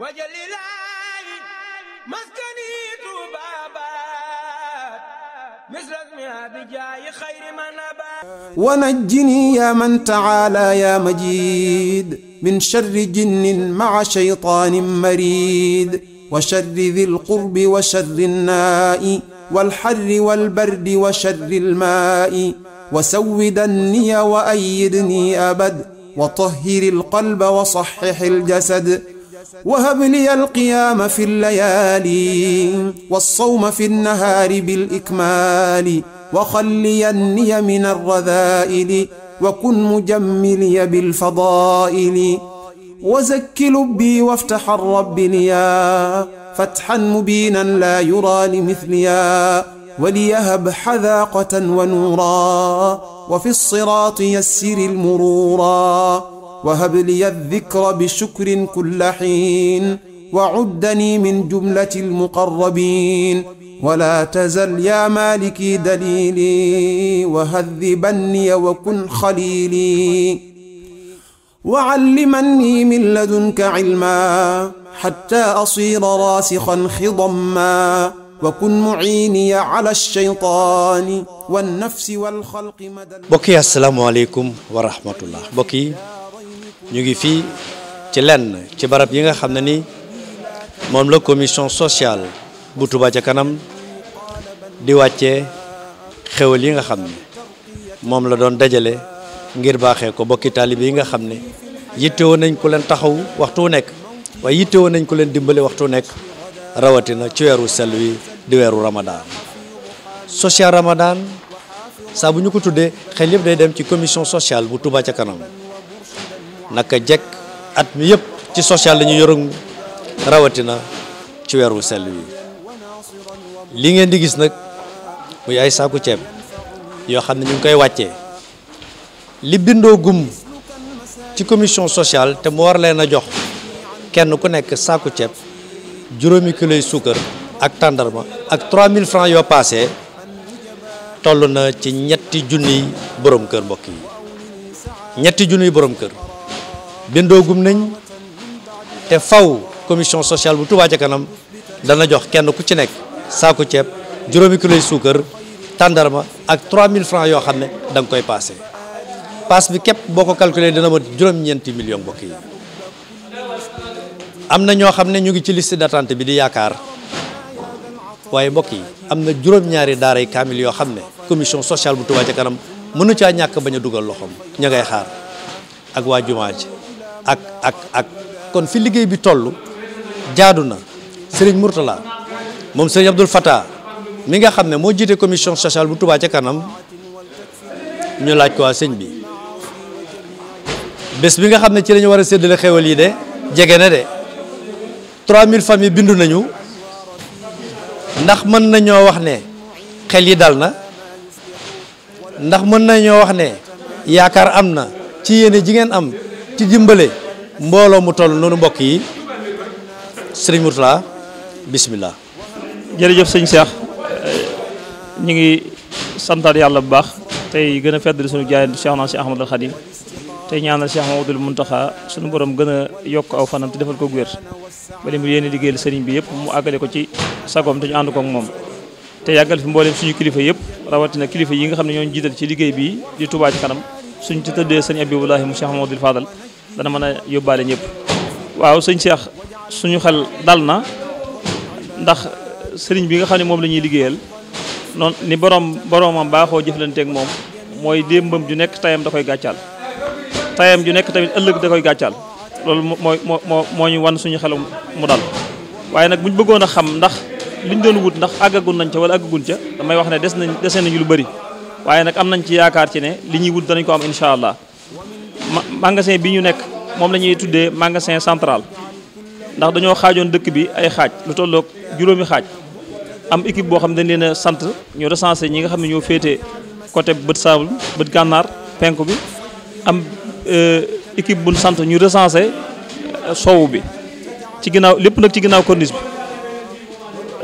wajalilaayi maskani tubaabaat misrasmi abijaayi xayri man abaat wa najjini yaa man taala yaa majiid min sharri jinnin maca shaytaanin mariid wa sharri dil qurbi wa sharri nnaa'i wal harri wal bardi wa sharri lmaa'i wa sawwidanniya wa ayyidnii abad wa tahhiril qalba wa sahhihil jasad wahab liya alqiyaama fi llayaali walsawma fi nnahaari bilikmaali wa xalliya nniya min alradaaili wa kun mujammiliya bilfadaa'ili wa zakki lubbii waftaxa rabbi liya fatxan mubiinan laa yuraa limithliya وليهب حذاقة ونورا وفي الصراط يسر المرورا وهب لي الذكر بشكر كل حين وعدني من جملة المقربين ولا تزل يا مالكي دليلي وهذبني وكن خليلي وعلمني من لدنك علما حتى أصير راسخا خضما وكن معيني على الشيطان والنفس والخلق مدى mbokk yi asalaamaaleykum wa rahmatullah mbokk yi ñu ngi fii ci lenn ci barab yi nga xam ne ni moom la commission sociale bu Touba ca kanam di wàcce xéwal yi nga xam ne moom la doon dajale ngir baaxee ko bokki taalibe yi nga xam ne yittewoo nañ ku leen taxaw waxtu nekk waaye woon nañ ku leen dimbale waxtu nekk rawatina ci weeru sel wi di weeru Ramadan social Ramadan saa bu ñu ko tuddee xel yëpp day dem ci commission sociale bu Touba ca kanam naka jekk at mi yëpp ci social la ñu yoroon rawatina ci weeru sell wi li ngeen di gis nag muy ay saaku ceeb yoo xam ne ñu ngi koy wàccee li bindoo gum ci commission sociale te mu war leen a jox kenn ku nekk saaku ceeb juróomi kiloy suukar ak tàndarma ak 3000 francs yoo paase toll na ci ñetti junniy borom kër mbokk yi ñetti yi borom kër bindoogum nañ te faw commission sociale bu Touba ca kanam dana jox kenn ku ci nekk saako ceeb juróomi kiloy suukar tàndarma ak mille francs yoo xam ne da nga koy paase paas bi képp boo ko calculer dina mat juróom-ñeenti million mbokk yi am na ñoo xam ne ñu ngi ci liste d'attente bi di yaakaar waaye mbokk yi am na juróom-ñaari daaray kaamil yoo xam ne commission sociale bu Touba ca kanam mënu caa ñàkk bañ a dugal loxoom ña ngay xaar ak waa jumaa ji ak ak ak kon fi liggéey bi tollu jaadu na Serigne Mourtala moom Serigne Abdoul Fattah mi nga xam ne moo jiite commission sociale bu Touba ca kanam ñu laaj ko waa sëñ bi bés bi nga xam ne ci la ñu war a séddale xewal yi de jege na de mille familles bindu nañu ndax mën nañoo wax ne xel yi dal na ndax mën nañoo wax ne yaakaar am na ci yéene ji ngeen am ci dimbale mbooloo mu toll noonu mbokk yi sëriñ Mourtala bisimilah. jërëjëf sëñ Cheikh ñu ngi santaat yàlla bu baax tey gën a feddali sunu jaayante Cheikh naa Cheikh Ahmadul Khadim tey ñaanal Cheikh Mamadul Muntaxa sunu borom gën a yokk aw fanam te defal ko wér ba li mu yéene liggéeyal sëriñ bi yëpp mu àggale ko ci sagoom te ñu ànd ko moom. te yàggal fi mboolem suñu kilifa yëpp rawatina kilifa yi nga xam ne ñoo jiital ci liggéey bi di Touba ci kanam suñ ci tëddee sëñ Abibulahi mu Cheikh Mamadul Fadal dana mën a yóbbaale ñëpp waaw sëñ Cheikh suñu xel dal na ndax sëriñ bi nga xam ne moom la ñuy liggéeyal noon ni borom boromam baaxoo jëflanteeg moom mooy démbam ju nekk tayam da koy gàccaal tayam ju nekk tamit ëllëg da koy gàccaal loolu mooy moo moo moo ñu wan suñu xel mu dal waaye nag buñ bëggoon a xam ndax liñ doon wut ndax àggagun nañ ca wala àggagun ca damay wax ne des nañ dese nañu lu bari waaye nag am nañ ci yaakaar ci ne li ñuy wut danañ ko am incha allah magasin bi ñu nekk moom la ñuy tuddee magasin central ndax dañoo xaajoon dëkk bi ay xaaj lu tolloog juróomi xaaj am équipe boo xam dañ leen a sant ñu recensé ñi nga xam ne ñoo féetee côté bët sable bët gànnaar penku bi am euh, équipe buñ sant ñu recensé euh, sowu bi ci ginnaaw lépp nag ci ginnaaw corniche bi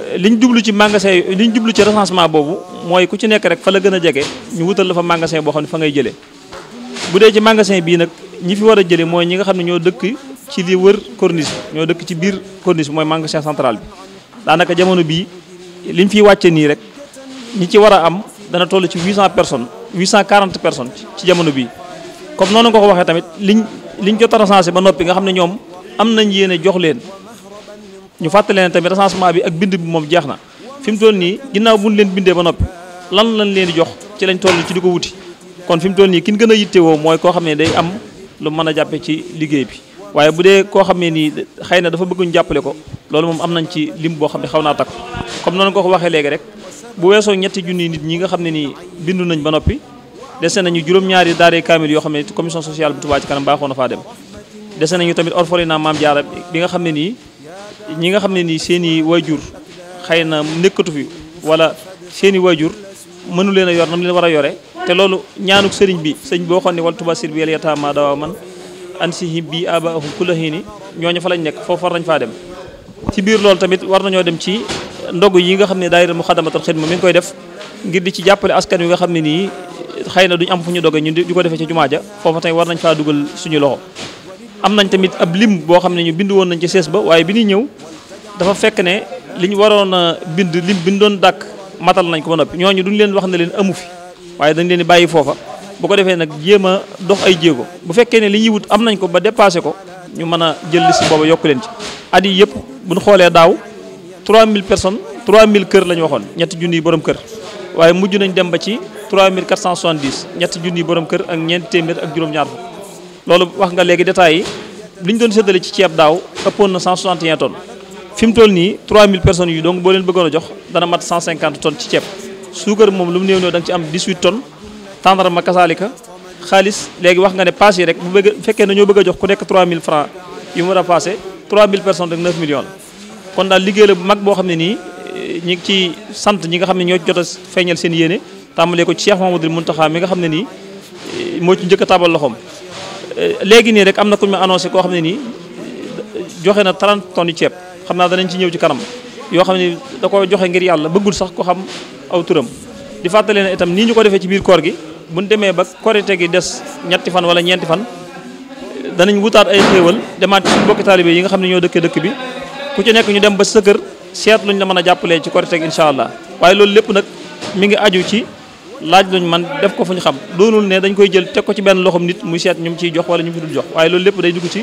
euh, li ñu jublu ci magasin li ñu jublu ci recensement boobu mooy ku ci nekk rek fa la gën a jege ñu wutal la fa magasin boo xam ne fa ngay jëlee bu dee ci magasin bii nag ñi fi war a jëlee mooy ñi nga xam ne ñoo dëkk ci li wër corniche bi ñoo dëkk ci biir corniche bi mooy magasin central bi daanaka jamono bii liñ fiy wàcce nii rek ñi ci war a am dana toll ci 800 personnes 840 personnes ci jamono bii comme noonu nga ko waxee tamit liñ liñ jot a recensé ba noppi nga xam ne ñoom am nañ yéene jox leen ñu fàttali leen tamit recensement bi ak bind bi moom jeex na fi mu toll nii ginnaaw buñ leen bindee ba noppi lan lañ leen di jox ci lañ toll ci di ko wuti kon fim mu toll nii kin gën a yittewoo mooy koo xam ne day am lu mën a jàppe ci liggéey bi waaye bu dee koo xam ne nii xëy na dafa bëgg ñu jàppale ko loolu moom am nañ ci lim boo xam ne xaw naa takk comme noonu ko ko waxee léegi rek bu weesoo ñetti junni nit ñi nga xam ne nii bindu nañ ba noppi dese nañu juróom-ñaari daare kaamil yoo xam ne commission sociale bu Touba ci kanam baaxoon na faa dem dese nañu tamit naa Maam Jaara bi nga xam ne nii ñi nga xam ne nii seen i waajur na nekkatu fi wala seen waajur mënu leen a yor nam leen war a yore te loolu ñaanuk sëriñ bi sëñ boo xam ne wal tubasir bi yàlla yataama dawaa man ansihi bi abaahum kulahini ñooñu fa lañ nekk foofu war nañ faa dem ci biir loolu tamit war nañoo dem ci ndogu yi nga xam ne daayira Muxaddamatul Xidma mi ngi koy def ngir di ci jàppale askan wi nga xam ne nii xëy na duñ am fu ñu doge ñu di ko defee ci jumaa ja foofa tamit war nañ faa dugal suñu loxo am nañ tamit ab lim boo xam ne ñu bind woon nañ ci ba waaye bi ñuy ñëw dafa fekk ne li ñu waroon bind lim bi ñu doon matal nañ ko ba noppi ñooñu duñ leen wax na leen amu fi waaye dañ leen di bàyyi foofa bu ko defee nag jéem a dox ay jéego bu fekkee ne li ñuy wut am nañ ko ba dépassé ko ñu mën a jël liste booba yokk leen ci at yi yëpp bu ñu xoolee daaw 3000 personnes 3000 kër la ñu waxoon ñetti junniy borom kër waaye mujj nañ dem ba ci 3470 ñetti junniy borom kër ak ñeenti téeméer ak juróom-ñaar fukk loolu wax nga léegi détails yi li ñu doon séddale ci ceeb daaw ëppoon na 161 tonnes toll nii 3000 personnes yi donc boo leen bëggoon a jox dana mat 150 tonnes ci ceeb. suukar moom lu mu néew néew da nga ci am 18 tonnes tàndarma kasaalika xaalis léegi wax nga ne paas rek bu bëgg fekkee nañoo bëgg a jox ku nekk 3000 francs yu mu war a passé 3000 personnes rek 9 millions la kon daal liggéey la bu mag boo xam ne nii eh, ñi ngi ci sant ñi nga xam ne ñoo jot a feeñal seen yéene tàmbalee ko ci Cheikh Mamadou Mountakha mi nga xam ne nii eh, moo ci njëkk taabal tabal loxoom eh, léegi nii rek am na ku ñu ma koo xam ne nii joxe na 30 tonnes ceeb xam naa danañ ci ñëw ci kanam yoo ngir yàlla bëggul sax ko xam aw turam di fàttali ne itam nii ñu ko defee ci biir koor gi buñ demee ba korite gi des ñetti fan wala ñeenti fan danañ wutaat ay xéewal demaat ci suñu bokki taalibe yi nga xam ne ñoo dëkkee dëkk bi ku ci nekk ñu dem ba sa kër seet luñ la mën a jàppalee ci korite gi incha allah waaye loolu lépp nag ngi aju ci laaj luñ man def ko fu ñu xam doonul ne dañ koy jël teg ko ci benn loxoom nit muy seet ñu ciy jox wala ñu fi dul jox waaye loolu lépp dugg ci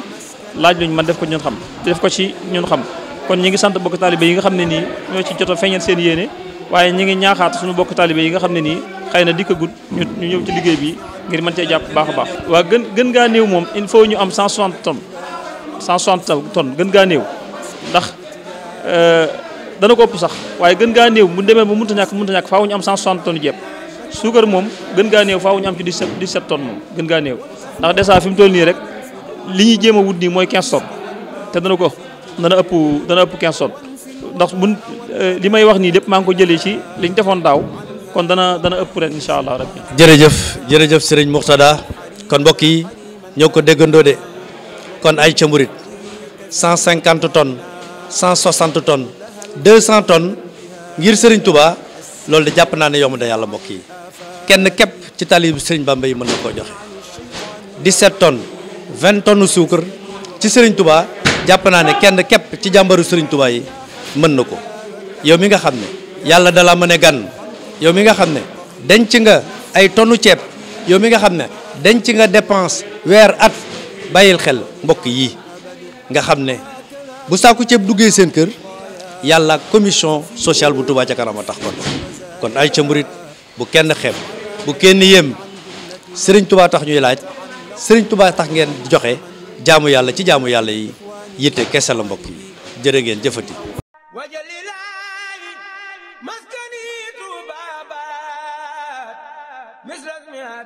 laaj luñ man def ko ñun xam def ko ci ñun xam kon ñi ngi sant bokk taalibe yi nga xam ne nii ñoo ci jot a seen yéene waaye ñi ngi ñaaxaat suñu bokk taalibe yi nga xam ne nii xëy na dikk ñu ñu ñëw ci liggéey bi ngir mën ee jàpp baax a baax waa gën gën gaa néew moom in faut ñu am 160 tonnes 160 tonnes gën gaa néew ndax euh, dana ko sax waaye gën gaa néew bu demee ba mënta ñàkk mënta ñàkk faaw ñu am 160 tonnes yëpp suukar moom gën gaa néew faaw ñu am ci 17 17 tonnes moom gën gaa néew ndax dèjà fi mu toll nii rek li ñuy jéem a wut nii mooy 15 tonnes te dana ko dana ëpp dana ëpp 15 tonnes ndax bu Euh, li may wax nii lépp maa ngi ko jëlee ci liñ defoon daaw kon dana dana ëpp ren incha allah rabbi jërëjëf jërëjëf sëriñ Mouxtada kon mbokk yi ñoo ko déggandoo de kon ay ca mburit 150 tonnes 160 tonnes 200 tonnes ngir sëriñ Touba loolu de jàpp naa ne yomb da yàlla mbokk yi kenn képp ci talibu sëriñ Bamba yi mën na koo joxe 17 tonnes 20 tonnes suukar ci sëriñ Touba jàpp naa ne kenn képp ci jàmbaru sëriñ Touba yi mën na ko yow mi nga xam ne yàlla dala ma ne gan yow mi nga xam ne denc nga ay tonu ceeb yow mi nga xam ne denc nga dépense weer at bàyyil xel mbokk yi nga xam ne bu saaku ceeb duggee seen kër yàlla commission sociale bu tubaa ca kanam a tax kon kon ay ca murit bu kenn xeeb bu kenn yéem sëriñ tubaa tax ñuy laaj sëriñ tubaa tax ngeen joxe jaamu yàlla ci jaamu yàlla yi yitte kese la mbokk yi jëre ngeen jëfati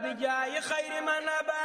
bi jaayi xayri man